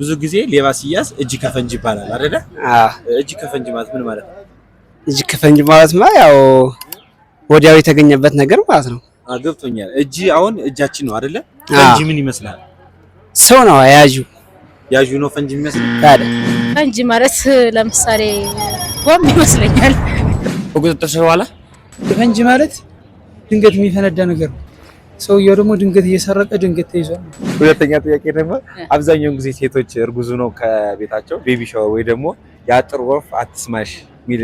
ብዙ ጊዜ ሌባ ሲያዝ እጅ ከፈንጅ ይባላል አይደለ? እጅ ከፈንጅ ማለት ምን ማለት ነው? እጅ ከፈንጅ ማለት ማ ያው ወዲያው የተገኘበት ነገር ማለት ነው። ገብቶኛል። እጅ አሁን እጃችን ነው አይደለ? ፈንጅ ምን ይመስላል? ሰው ነው ያዡ ያዡ ነው ፈንጅ የሚመስል ታዲያ። ፈንጅ ማለት ለምሳሌ ቦምብ ይመስለኛል። በቁጥጥር ስር በኋላ ፈንጅ ማለት ድንገት የሚፈነዳ ነገር ነው። ሰውየው ደግሞ ድንገት እየሰረቀ ድንገት ተይዟል። ሁለተኛ ጥያቄ ደግሞ አብዛኛውን ጊዜ ሴቶች እርጉዝ ነው ከቤታቸው ቤቢ ሻወር ወይ ደግሞ የአጥር ወፍ አትስማሽ ሚል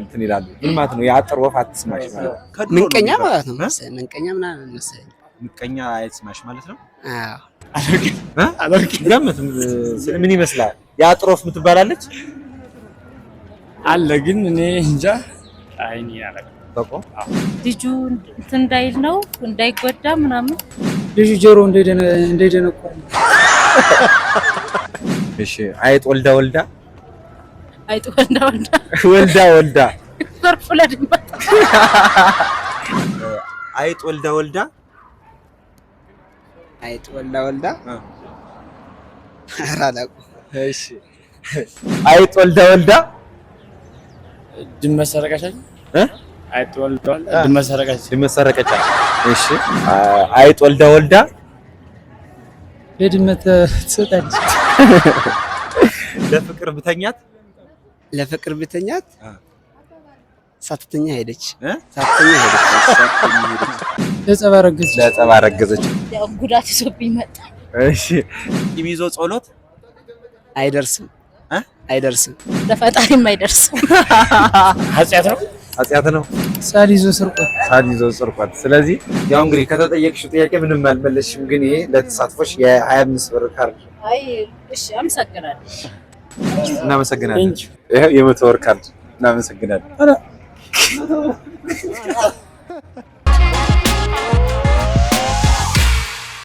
እንትን ይላሉ። ምን ማለት ነው? የአጥር ወፍ አትስማሽ ማለት ምንቀኛ ማለት ነው። ምንቀኛ ምናምን መሰለኝ። ምንቀኛ አይስማሽ ማለት ነው። ምን ይመስላል? የአጥር ወፍ የምትባላለች አለ፣ ግን እኔ እንጃ አይኔ አላውቅም የሚጠበቀው። ልጁ እንዳይል ነው እንዳይጎዳ ምናምን ልጁ ጆሮ እንዳይደነቆር። እሺ አይጥ ወልዳ ወልዳ አይጥ ወልዳ ወልዳ ወልዳ ወልዳ አይጥ ወልዳ ወልዳ አይጥ ወልዳ ወልዳ እሺ አይጥ ወልዳ ወልዳ ድመት ሰረቀሻል እ አይጥ ወልዳ ድመት ሰረቀች። እሺ አይጥ ወልዳ ወልዳ ለድመት ትሰጣለች። ለፍቅር ብተኛት ለፍቅር ብተኛት ሳትተኛ ሄደች ሳትተኛ ሄደች ለጸባ ረገዘች ለጸባ ረገዘች። ጉዳት ይዞብኝ መጣ። እሺ ቂም ጸሎት አይደርስም አይደርስም ለፈጣሪም አይደርስም። ኃጢአት ነው አጽያት ነው ሳድ ይዞ ስርቆት ሳድ ይዞ ስርቆት። ስለዚህ ያው እንግዲህ ከተጠየቅሽው ጥያቄ ምንም አልመለስሽም፣ ግን ይሄ ለተሳትፎሽ የ25 ብር ካርድ። አይ እሺ፣ አመሰግናለሁ። እናመሰግናለን። ይኸው የመቶ ወር ካርድ እናመሰግናለን።